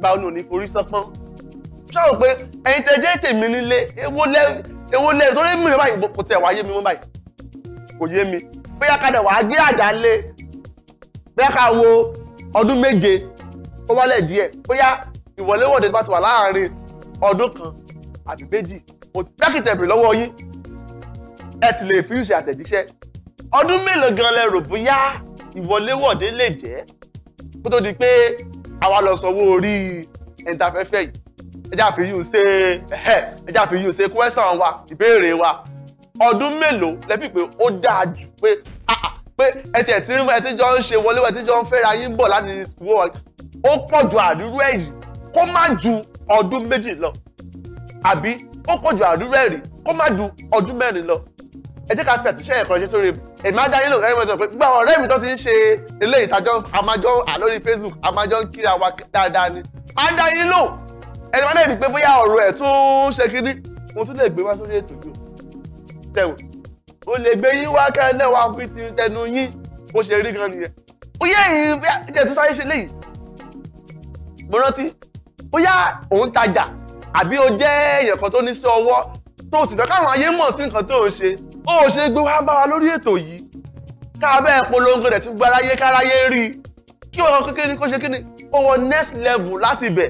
báwo ni ò ní forí sánpọ́n ṣáà pé ẹ̀yin tẹ jẹ́ tèmi nílé ewo lẹ́rìí tó lé mi rẹ̀ báyìí kò tẹ̀ wá yé mi mọ́ báyìí kò yé mi bóyá kadà wàá gé àdá lé bóyá ká wo ọdún méje ó wálẹ̀ díẹ̀ bóyá ìwọléwọ̀de bá ti wà láàárín ọdún kan àbí méjì kò dákìtẹ̀ bèrè lọ́wọ́ yín ẹ ti lè fi ìṣe àtẹ̀jíṣẹ́ ọdún mélòó gan lẹ rò bóyá ìwọléwọ̀de lè jẹ́ kó tó di pé àwa lọ sanwó orí ẹ̀ńtàfẹ́fẹ́ yìí ẹjá fi yún ṣe ẹjá fi yún ṣe kwẹ́sàn wa ìbéèrè wa ọdún mélòó lẹ́bí pé ó dáa jù pé ah, ah, pé ẹsẹ̀ tí ẹtí jọ ń ṣe wọlé ẹtí jọ ń fẹ́ra yín bọ̀ láti wọ ó pọ̀ ju àdúrú ẹ̀yìn kó má ju ọdún méjì lọ àbí ó pọ̀ ju àdúrú ẹ̀rí kó má ju ọdún mẹ́rin lọ ẹ jẹ́ ká fi àtúnṣe ẹ̀kọ́ ṣe sórí èmi á dáyé lò ẹ̀rọ ìmọ̀ sọ pé gbogbo àwọn ọ̀rẹ́ mi tó ti ń ṣe eléyìí tájọ́ àmájọ́ àlórí Facebook àmájọ́ ń kíra wa dáadáa ni máa ń dáyé lò ẹni máa ń dẹ̀rí pé bóyá ọ̀rọ̀ ẹ̀ tún ṣe kiri mo tún lè gbé wá sórí ètò yìí tẹ̀wọ̀ o lè gbé yín wá kẹ́lẹ́ wá fi ti tẹnu yín bó ṣe rí gan nìyẹn bóyá èyí jẹ́ tó sáré ṣe léyìí mo rántí bóyá òun tajà àbí o jẹ́ èèyàn kan tó ní sí tó sì fẹ́ káwọn ayé mọ̀ sí nǹkan tó o ṣe ó ṣe gbé wá bá wa lórí ètò yìí káàbẹ̀ polongo rẹ̀ ti gba aráyé káráyé rí i kí ọkọ kékeré kó ṣe kí ni ó wọ next level láti bẹ̀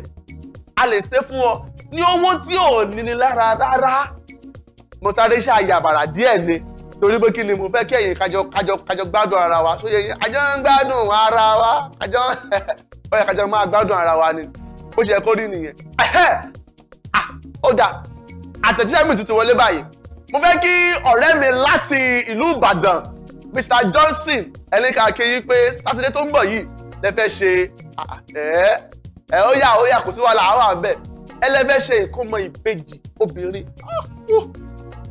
a lè ṣe fún ọ ní owó tí ò níni lára rárá mo sáré ṣe àyàbàrà díẹ̀ ni torí pé kí ni mo fẹ́ kí ẹ̀yin kájọ kájọ kájọ gbádùn ara wa tó yẹ yín àjọ ń gbádùn ara wa àjọ ó yẹ kájọ máa gbádùn ara wa ni ó ṣe kó rí nìyẹn ah! ó dáa àtẹ̀jíṣẹ́ mi tuntun wọlé báyìí mo fẹ́ kí ọ̀rẹ́ mi láti ìlú Ìbàdàn Mr Johnson ẹni ká kí yín pé sátidé tó ń bọ̀ yìí lẹ fẹ́ ṣe ẹ ẹ ó yà ó yà kò sí wàhálà àwọn àbẹ̀ ẹ lẹ fẹ́ ṣe ìkómọ ìbejì obìnrin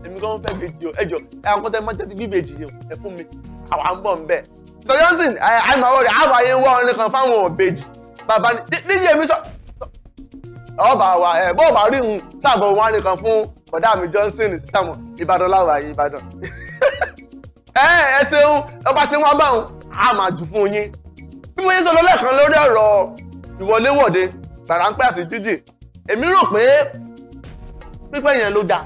èmi kan fẹ́ bejì o ẹ jọ ẹ àwọn kọ́tẹ́ máa ń tẹ́tí bíbejì yìí ẹ fún mi àwa ń bọ̀ ń bẹ̀ Mr Johnson àìmọ̀ àwọn rẹ̀ àwọn àyè ń wá ọ̀rẹ́ kan fáwọn òbejì bàbá ni díje mi sọ ọba wa ẹ bó bá rí hun ṣàbọ̀ wọn nìkan fún bọ̀dá mi Johnson sísàmù Ìbàdàn láwà yìí Ìbàdàn ẹ ẹ ṣeun ọba ṣe wọn báwọn a máa jù fún yín bí mo yín sọ lọ́lẹ́kan lórí ọ̀rọ̀ ìwọléwọ̀de gbàránpẹ́ àti jíjì èmi rò pé pípẹ́ yẹn ló dáa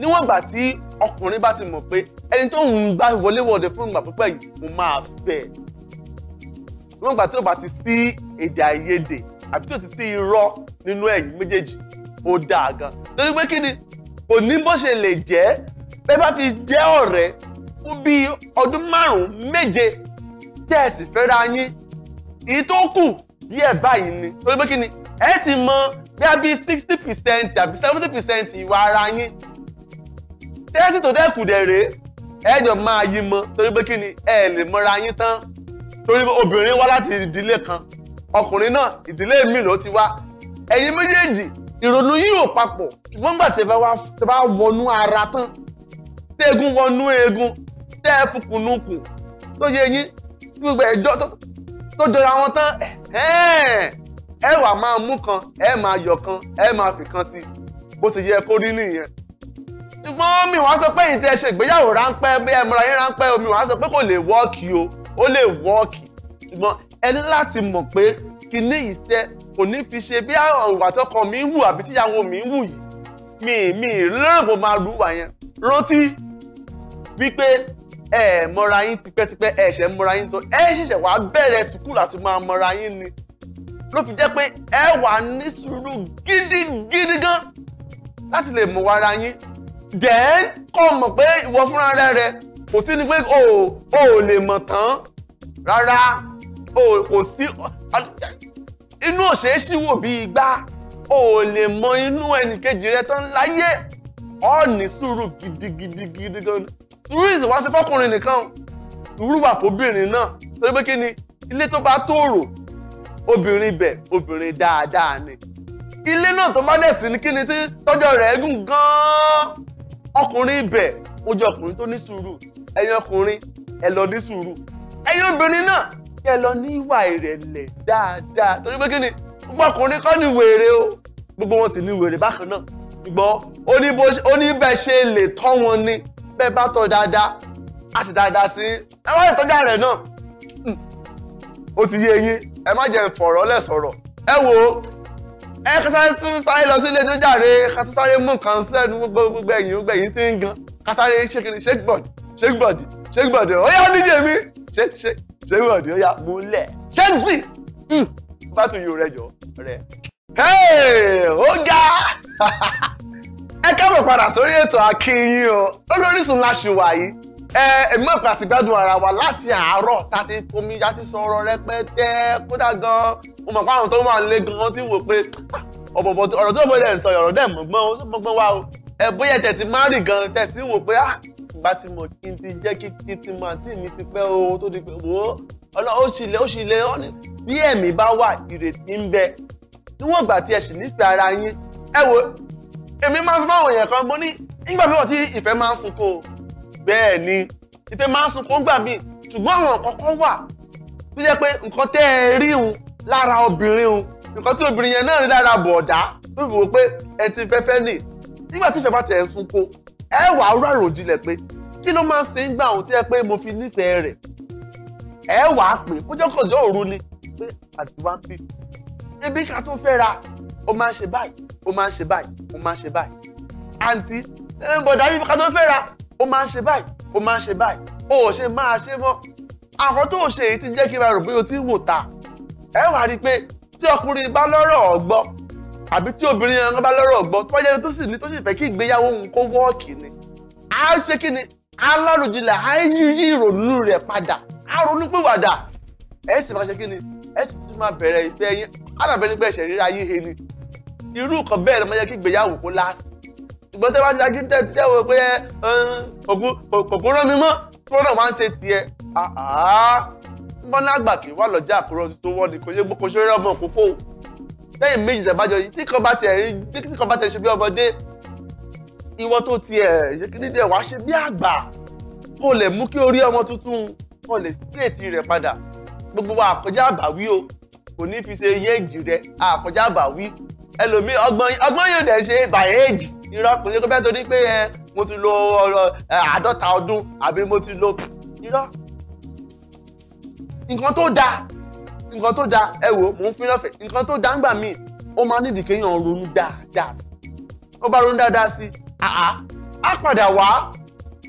níwọ̀n ìgbà tí ọkùnrin bá ti mọ̀ pé ẹni tó ń gbá ìwọléwọ̀de fún ìgbà pípẹ́ yìí mo máa fẹ́ níwọ̀n ìgbà tí ó bá ti sí èdè àìyedè àbí tó ti sí irọ́ nínú ẹ̀yìn méjèèjì ó dáa gan torí pé kí ni kò ní bó ṣe lè jẹ́ bẹ́ bá fi jẹ́ ọ̀rẹ́ fún bíi ọdún márùn-ún méje tẹ́ ẹ sì fẹ́ra yín èyí tó kù díẹ̀ báyìí ni torí pé kí ni ẹ ti mọ bí a bí sixty percent àbí seventy percent ìwà ara yín tẹ́tí tó dẹ́kù dẹ̀ rèé ẹ̀jọ̀ máa yí mọ torí pé kí ni ẹ lè mọra yín tán torí obìnrin wá láti ìdílé kan ọkùnrin náà ìdílé mi ló ti wá ẹ̀yin méjèèjì ìrònú yìí ò papọ̀ ṣùgbọ́n nígbà tí ẹ bá wọnú ara tán tẹ́gun wọnú eegun tẹ́ ẹ fukùnukùn tó yẹ yín gbogbo ẹjọ́ tó jọra wọn tán ẹ wà máa mú kan ẹ máa yọ kan ẹ máa fi kan sí bó ti yẹ kó rí nìyẹn ṣùgbọ́n mi wá sọ pé ìtẹ́ ṣe ìgbéyàwó ráńpẹ́ bí ẹ múra yín ráńpẹ́ omi wá sọ pé kò lè wọ́ọ̀kì o ó lè wọ́ọ̀kì ṣùgbọ́n ẹ ní láti mọ̀ pé kíní yìí tẹ́ kò ní fi ṣe bí àwọn ìwà tọkọ mi wù àbí tíyàwó mi wù yìí mi mi lérò mo máa lu wà yẹn rántí wípé ẹ mọ̀ra yín tipẹ́tipẹ́ ẹ ṣẹ̀ mọ̀ra yín sọ ẹ ṣẹ̀ṣẹ̀ wàá bẹ̀rẹ̀ sùkúlù àti máa mọ̀ra yín ni ló fi jẹ́ pé ẹ wà ní sùúrù gidigidi gan láti lè mọ̀ ara yín then kọ́ mọ̀ pé ìwọ fúnra rẹ̀ rẹ̀ kò sí ni pé o ò lè mọ̀ tán rárá kò sí inú òṣèṣìwò bíi igbá o ò lè mọ inú ẹnìkejì rẹ tán láyé ọ ní sùúrù gidigidigidi gan sùúrù ìwá sí fọkùnrin nìkan sùúrù wà fóbìnrin náà torí pé kí ni ilé tó bá tòrò obìnrin bẹ̀ obìnrin dáadáa ni ilé náà tó bá dẹ̀ sí ní kí ni tí tọ́jọ́ rẹ̀ gùn gan-an ọkùnrin ibẹ̀ ó jẹ́ ọkùnrin tó ní sùúrù ẹ̀yin ọkùnrin ẹ lọ ní sùúrù ẹ̀yin obìnrin náà kẹ́ ẹ lọ ní ìwà ìrẹ̀lẹ̀ dáadáa torí pé kí ni gbogbo ọkùnrin kọ́ ni wèrè o gbogbo wọn sì ni wèrè bákan náà ṣùgbọ́n ó ní bẹ́ẹ̀ ṣe lè tọ́ wọn ni bẹ́ẹ̀ bá tọ́ dáadáa a sì dáadáa sí ẹ wá ìtọ́jà rẹ̀ náà hmm. ó ti yé eyín ẹ má jẹ́ fọ̀rọ̀ lẹ̀ sọ̀rọ̀ ẹ wò ó ẹ kásáré tún sáré lọ sí ilé tó jàre kásáré mú nǹkan sẹ́nu gbogbo gbogbo ẹ̀yìn gbogbo ẹ̀yìn tí ń gan kásáré ṣégbọ̀dì ṣégbọ̀dì ṣégbọ̀dì ó ṣé wọ́n ni ó yà múlẹ̀ ṣẹ́ǹsì bá tún yóò rẹ jọ rẹ. ó ga ẹ káàbọ̀ padà sórí ètò akínyìn o lórí Orísun la ṣì wà yìí èmi mọ̀ pé àti gbádùn ara wa láti àárọ̀ tá a ti fomi já ti sọ̀rọ̀ rẹpẹtẹ kódà gan-an mo mọ̀ pé àwọn tó wà lé gan-an ti wò pé ah, ọ̀bọ̀bọ̀ ọ̀rọ̀ tí ọ̀bọ̀dẹ̀ ń sọ ọ̀rọ̀ dẹ̀ mọ̀gbọ́n ó mọ̀gbọ́n wa o ẹ̀ bóyá tẹ̀sí má rì gan-an tẹ̀sí wò pé ah, bá ti mọ̀ kí n ti jẹ́ kí n ti mọ̀ àti mi ti pẹ́ ohun tó di pé wò ó ọ̀nà ó sì lé ó sì lé ọ́nì bí ẹ̀mí bá wà ìrètí ń bẹ níwọ̀n ìgbà tí ẹ sì nífẹ̀ẹ́ ara yín ẹ wo èmi máa ń sọ fáwọn èèyàn kan mo ní nígbà pé wọ́n ti ìfẹ́ máa ń sunkún bẹ́ẹ̀ ni ìfẹ́ máa ń sunkún gbà míì ṣùgbọ́n àwọn nǹkan kan wà tó jẹ́ pé nǹkan tẹ́ ẹ rí un lára obìnrin un nǹkan tí obìnrin yẹn náà rí lára bọ̀ọ̀dá tó fi wò pé ẹ ti fẹ́fẹ́ nì nígbà tí ìfẹ́ bá tẹ̀ ẹ́ sunkún ẹ wàá rú àròjinlẹ̀ pé kí ló máa ń ṣe ń gbà òun tí ẹ pé mo fi nífẹ̀ẹ́ rẹ̀ ẹ wàá pè kó jẹ́ kó jẹ́ òru ni pé àti wá ń pè ebi ká tó fẹ́ ra o máa ṣe báyìí o máa ṣe báyìí o máa ṣe báyìí àǹtí bọ̀dá yìí ká tó fẹ́ ra o máa ṣe báyìí o máa ṣe báyìí o ò ṣe máa ṣe mọ́ àwọn tó ṣe èyí ti jẹ́ kí n ra rò pé o ti ń wò ta ẹ wàá rí i pé tí ọkùnrin bá lọ́rọ̀ ọ̀gbọ́n àbí tí obìnrin yẹn bá lọ́rọ̀ gbọ́ tó bá jẹ́ tó sì ní tó sì fẹ́ kí ìgbéyàwó òun kó wọ́ọ̀kì ni á ṣe kí ni á láròjinlẹ̀ á yí ìrònú rẹ̀ padà á ronú pé wàdà ẹ̀ sì máa ṣe kí ni ẹ̀ sì tún máa bẹ̀rẹ̀ ìfẹ́ yín á dàbẹ́ nígbà ẹ̀ṣẹ̀ ríra yín he ni irú nǹkan bẹ́ẹ̀ ló máa yẹ kí ìgbéyàwó kó last ìgbọ́n tẹ́ bá ti dájú tẹ́ tẹ́ wo pé òkú rán mi mọ́ tó náà wá ń ṣe tiẹ̀ mọ́nà àgbà kì í wà lọ́jà àkúrọ́ tó wọ́n ni kò yẹ gbókòṣó rẹ́ ọmọ òkókó lẹ́yìn méjì tẹ̀ bájọ yìí tí kan bá tiẹ̀ tí kan bá tiẹ̀ ṣe bí ọmọdé ìwọ tó tiẹ̀ ṣe kí nídìí ẹ̀ wá ṣe bí àgbà kó lè mú kí orí ọmọ tuntun kó lè síkèétì rẹ̀ padà gbogbo wa àkọjá àbáwí o kò ní fi ṣe yéèjì rẹ̀ àkọjá àbáwí ẹlòmíì ọgbọ́n yóò dẹ̀ ṣe bàyéèjì irọ́ kò ṣe kó bẹ́ẹ̀ torí pé mo ti lo àádọ́ta ọdún àbí mo ti lo irọ́ nǹkan tó dáa nǹkan tó da ẹ wò mò ń fi lọ́fẹ̀ẹ́ nǹkan tó da ń gbà míì ó máa nídìí kéèyàn ronú dáadáa sí ó bá ronú dáadáa sí àá á padà wá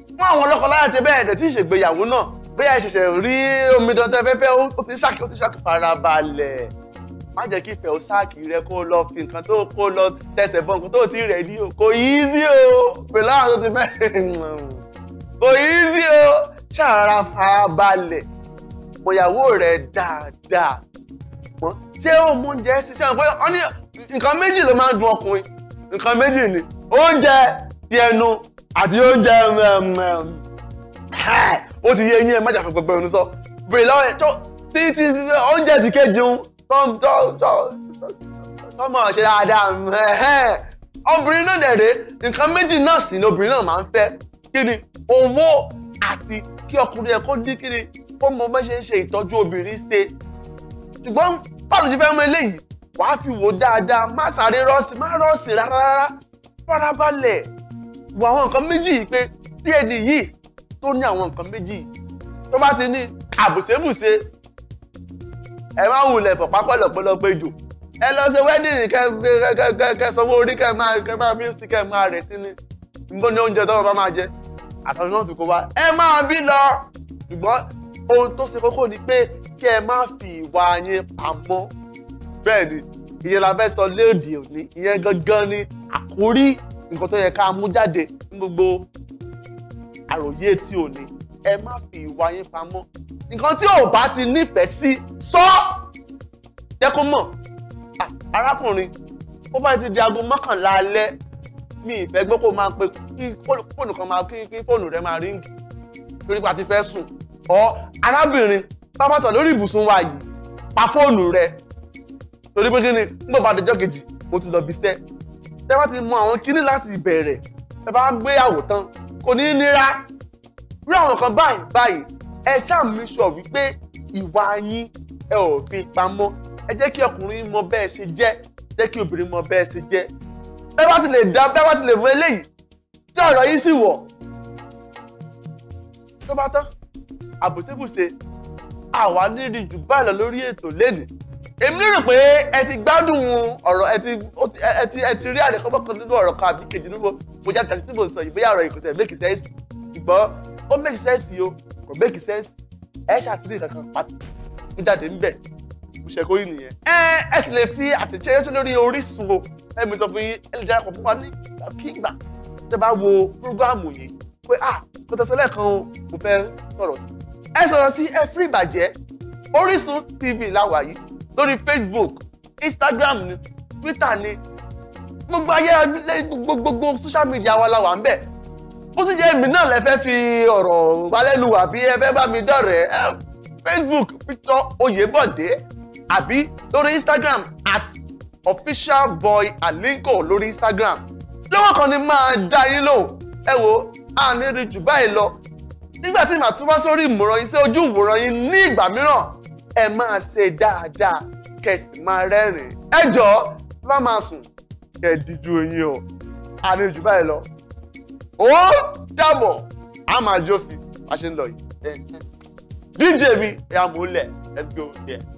fún àwọn lọ́kọláya tẹ bẹ́ẹ̀ tí ìṣègbéyàwó náà bóyá ẹ ṣẹ̀ṣẹ̀ rí omidan tẹ fẹ́fẹ́ ó ti ṣáàkì ó ti ṣáàkì farabalẹ̀ má jẹ́ kí ìfẹ́ ó ṣáàkì rẹ kó lọ fi nǹkan tó kó lọ tẹsẹ̀ bọ nǹkan tó ti rẹ̀ ní o kò yí sí o pẹ̀lú àwọn tó ti fẹ́ kò yí sí o ṣàrà farabalẹ̀ ìbáṣepọ̀ ìyàwó rẹ̀ dáadáa mọ́ ṣé ó mú oúnjẹ ṣiṣẹ́ ọ̀pẹ́ ọ ní nǹkan méjì ló máa ń dùn ọkùnrin nǹkan méjì ni oúnjẹ ti ẹnu àti oúnjẹ um, um, ó ti yé yín ẹ má jà fún gbogbo ẹnu sọ bèrè lọ́wọ́ ẹ̀ tó tí tí oúnjẹ ti kéjì ń tọ́mọ̀ ṣe dáadáa um, obìnrin náà dẹ̀rẹ̀ nǹkan méjì náà sì ni obìnrin náà máa ń fẹ́ kí ni owó àti kí ọkùnrin ẹ̀ kó ní kí ni ó bá ṣe ń ṣe ìtọ́jú obìnrin ṣe ṣùgbọ́n báwo ló fẹ́ mọ eléyìí wàá fi wò dáadáa má sáré rọ́ọ̀sì má rọ́ọ̀sì rárá rárá farabalẹ̀ wò àwọn nǹkan méjì yìí pé tí ẹni yìí tó ní àwọn nǹkan méjì yìí tó bá ti ní àbùsébùsé ẹ má wulẹ̀ pọ̀pá pẹ̀lọ̀pẹ̀lọpẹ̀ jù ẹ lọ ṣe wẹ́dìrì kẹ sanwó orí kẹ máa kẹ máa kẹ máa rẹ̀ sí ni níbo ni oúnjẹ tọ́wọ́ bá máa jẹ àtàwọn náà ti kó wa ẹ máa bí lọ ṣùgbọ́n ohun tó ṣe kókó ni pé kí ẹ má fi ìwà yẹn pamọ́ bẹ́ẹ̀ ni ìyẹn la fẹ́ sọ léde òní ìyẹn gangan ni àkórí nǹkan tó yẹ ká mú jáde ní gbogbo àròyé tí ò ní ẹ má fi ìwà yẹn pamọ́ nǹkan tí ò bá ti nífẹ̀ẹ́ sí sọ jẹ́ kó mọ̀ arákùnrin ó bá ti di aago mọ́kànlá alẹ́ mi ìfẹ́ gbọ́ kó máa pe kí fóònù kan máa kí fóònù rẹ máa ríǹgì torí ti fẹ́ sùn ọ arábìnrin tá bá sọ lórí ibùsùn wa yìí pa fóònù rẹ torí pé kíni nígbà bá dẹjọ́ kejì mo ti lọ bí sẹ́ tẹ́ bá ti mọ àwọn kíní láti ìbẹ̀rẹ̀ tẹ́ bá gbé àwòtán kò ní nira rí àwọn kan báyìí báyìí ẹ ṣàmì sọ wípé ìwà yín ẹ ò fi pamọ́ ẹ jẹ́ kí ọkùnrin mọ bẹ́ẹ̀ ṣe jẹ́ jẹ́ kí obìnrin mọ bẹ́ẹ̀ ṣe jẹ́ bẹ́ẹ̀ bá ti lè dá bẹ́ẹ̀ bá ti lè mọ eléyìí tí ọ̀rọ̀ yìí sì wọ̀ tó bá tán àbòsébùsé àwa nírí jù báyìí lọ lórí ètò lẹ́nìí èmi lérò pé ẹ ti gbádùn ọ̀rọ̀ ẹ ti ẹ ti ẹ ti rí àdékọ́bọ̀ kan nínú ọ̀rọ̀ kan àbí kejì nínú mo jáde àti tí mo sọ ìbéyà ọ̀rọ̀ ìkọ̀tẹ̀ make sense ìgbọ́n ó make sense yìí o kò make sense ẹ ṣàtúnyẹ̀ kankan pàtó mo jáde níbẹ̀ mo ṣe kórìí nìyẹn. ẹ ẹ sì lè fi àtẹ̀jẹ́sẹ́ lórí Orísun o ẹ mi sọ fún yín ẹ lè darapọ̀ fún wa ní kígbà tẹ́ bá wo prógráàmù yìí pé ah kò tẹ̀sán lẹ́ẹ̀kan o mo fẹ́ sọ̀rọ̀ sí i ẹ sọ̀rọ̀ sí ẹ fún ìbàjẹ́ Orísun TV láwà yìí lórí Facebook Instagram ni Twitter ni gbogbo ayé gbogbo social media wa láwà ń bẹ̀ bó sì jẹ́ èmi náà lẹ fẹ́ fi ọ̀rọ̀ balẹ̀lù àbí ẹ fẹ́ bá mi dọ̀rẹ́ Facebook picture Oyèbọ̀dé àbí lórí Instagram at officialboyalinko lórí Instagram lọ́wọ́ kan ni máa dá yín lò ẹ wo àní rí jù báyìí lọ nígbà tí màá tún wá sórí ìmọ̀ràn yín sí ojú ìwòrán yín ní ìgbà mìíràn ẹ máa ṣe dáadáa kẹsì máa rẹ́rìn-ín ẹ jọ̀ọ́ bá máa sùn kẹ díjú eyín o àmì jù báyìí lọ ó dàbọ̀ á máa jó sí i bá ṣe ń lọ yìí DJ mi ẹ̀ àmúlẹ̀ let's go there. Yeah.